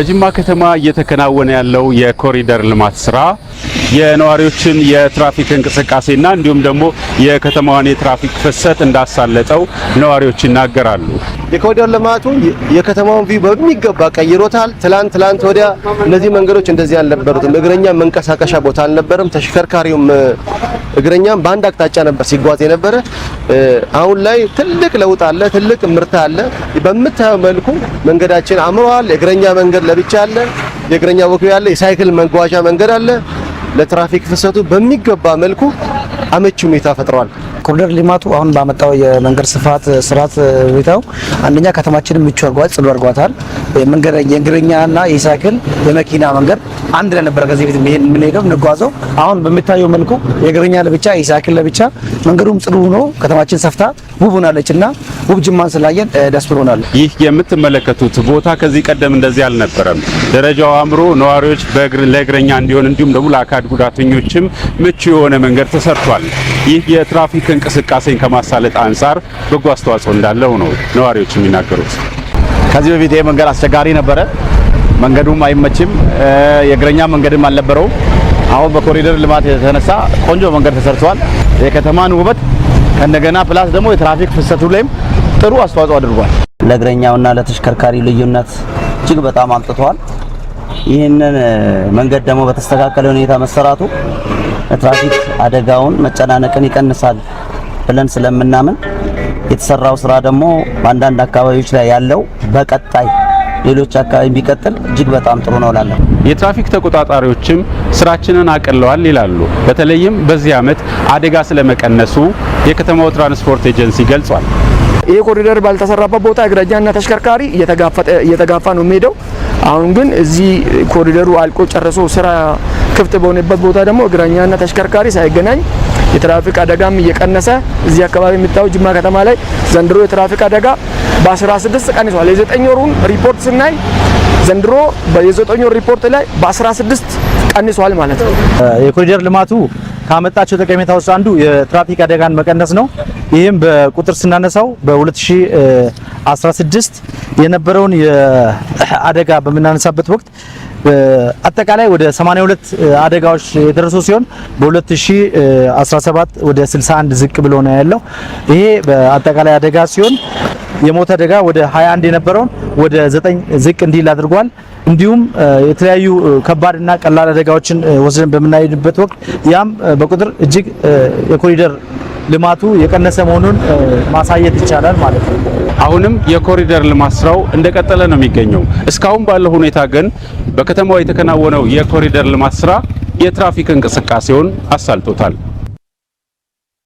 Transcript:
በጅማ ከተማ እየተከናወነ ያለው የኮሪደር ልማት ስራ የነዋሪዎችን የትራፊክ እንቅስቃሴና እንዲሁም ደግሞ የከተማዋን የትራፊክ ፍሰት እንዳሳለጠው ነዋሪዎች ይናገራሉ። የኮሪደር ልማቱ የከተማውን ቪው በሚገባ ቀይሮታል። ትላንት ትላንት ወዲያ እነዚህ መንገዶች እንደዚህ አልነበሩትም። እግረኛ መንቀሳቀሻ ቦታ አልነበረም። ተሽከርካሪውም እግረኛም በአንድ አቅጣጫ ነበር ሲጓዝ የነበረ። አሁን ላይ ትልቅ ለውጥ አለ፣ ትልቅ ምርታ አለ። በምታየው መልኩ መንገዳችን አምሯል። የእግረኛ መንገድ ለብቻ አለ፣ የእግረኛ ወኪ አለ፣ የሳይክል መጓዣ መንገድ አለ። ለትራፊክ ፍሰቱ በሚገባ መልኩ አመቺ ሁኔታ ፈጥሯል። የኮሪደር ልማቱ አሁን ባመጣው የመንገድ ስፋት ስርዓት ሁኔታው አንደኛ ከተማችንን ምቹ አድርጓል፣ ጽዱ አድርጓታል። መንገድ የእግረኛና የሳይክል የመኪና መንገድ አንድ ላይ ነበረ ከዚህ በፊት የምንሄደው የምንጓዘው። አሁን በሚታየው መልኩ የእግረኛ ለብቻ የሳይክል ለብቻ መንገዱም ጽዱ ሆኖ ከተማችን ሰፍታ ውብ ሆናለች እና ውብ ጅማን ስላየን ደስ ብሎናል። ይህ የምትመለከቱት ቦታ ከዚህ ቀደም እንደዚህ አልነበረም። ደረጃው አምሮ ነዋሪዎች ለእግረኛ እንዲሆን እንዲሁም ደግሞ ለአካል ጉዳተኞችም ምቹ የሆነ መንገድ ተሰርቷል። ይህ የትራፊክ እንቅስቃሴን ከማሳለጥ አንጻር በጎ አስተዋጽኦ እንዳለው ነው ነዋሪዎች የሚናገሩት። ከዚህ በፊት ይህ መንገድ አስቸጋሪ ነበረ። መንገዱም አይመችም፣ የእግረኛ መንገድም አልነበረውም። አሁን በኮሪደር ልማት የተነሳ ቆንጆ መንገድ ተሰርተዋል። የከተማን ውበት ከእንደገና ፕላስ ደግሞ የትራፊክ ፍሰቱ ላይም ጥሩ አስተዋጽኦ አድርጓል። ለእግረኛውና ለተሽከርካሪ ልዩነት እጅግ በጣም አምጥተዋል። ይህንን መንገድ ደግሞ በተስተካከለ ሁኔታ መሰራቱ ትራፊክ አደጋውን መጨናነቅን ይቀንሳል ብለን ስለምናምን የተሰራው ስራ ደግሞ በአንዳንድ አካባቢዎች ላይ ያለው በቀጣይ ሌሎች አካባቢ ቢቀጥል እጅግ በጣም ጥሩ ነው እላለሁ። የትራፊክ ተቆጣጣሪዎችም ስራችንን አቅለዋል ይላሉ። በተለይም በዚህ ዓመት አደጋ ስለመቀነሱ የከተማው ትራንስፖርት ኤጀንሲ ገልጿል። ይህ ኮሪደር ባልተሰራበት ቦታ እግረኛና ተሽከርካሪ እየተጋፋ ነው የሚሄደው። አሁን ግን እዚህ ኮሪደሩ አልቆ ጨርሶ ስራ ክፍት በሆነበት ቦታ ደግሞ እግረኛና ተሽከርካሪ ሳይገናኝ የትራፊክ አደጋም እየቀነሰ እዚህ አካባቢ የሚታየው ጅማ ከተማ ላይ ዘንድሮ የትራፊክ አደጋ በ16 ቀንሷል። የዘጠኝ ወሩን ሪፖርት ስናይ ዘንድሮ የዘጠኝ ወር ሪፖርት ላይ በ16 ቀንሷል ማለት ነው። የኮሪደር ልማቱ ካመጣቸው ውስጥ አንዱ የትራፊክ አደጋን መቀነስ ነው። ይህም በቁጥር ስናነሳው በ2016 የነበረውን አደጋ በምናነሳበት ወቅት አጠቃላይ ወደ 82 አደጋዎች የደረሱ ሲሆን በ2017 ወደ 61 ዝቅ ብሎ ነው ያለው። ይሄ በአጠቃላይ አደጋ ሲሆን የሞት አደጋ ወደ 21 የነበረውን ወደ 9 ዝቅ እንዲል አድርጓል። እንዲሁም የተለያዩ ከባድና ቀላል አደጋዎችን ወስደን በምናይበት ወቅት ያም በቁጥር እጅግ የኮሪደር ልማቱ የቀነሰ መሆኑን ማሳየት ይቻላል ማለት ነው። አሁንም የኮሪደር ልማት ስራው እንደቀጠለ ነው የሚገኘው። እስካሁን ባለው ሁኔታ ግን በከተማዋ የተከናወነው የኮሪደር ልማት ስራ የትራፊክ እንቅስቃሴውን አሳልጦታል።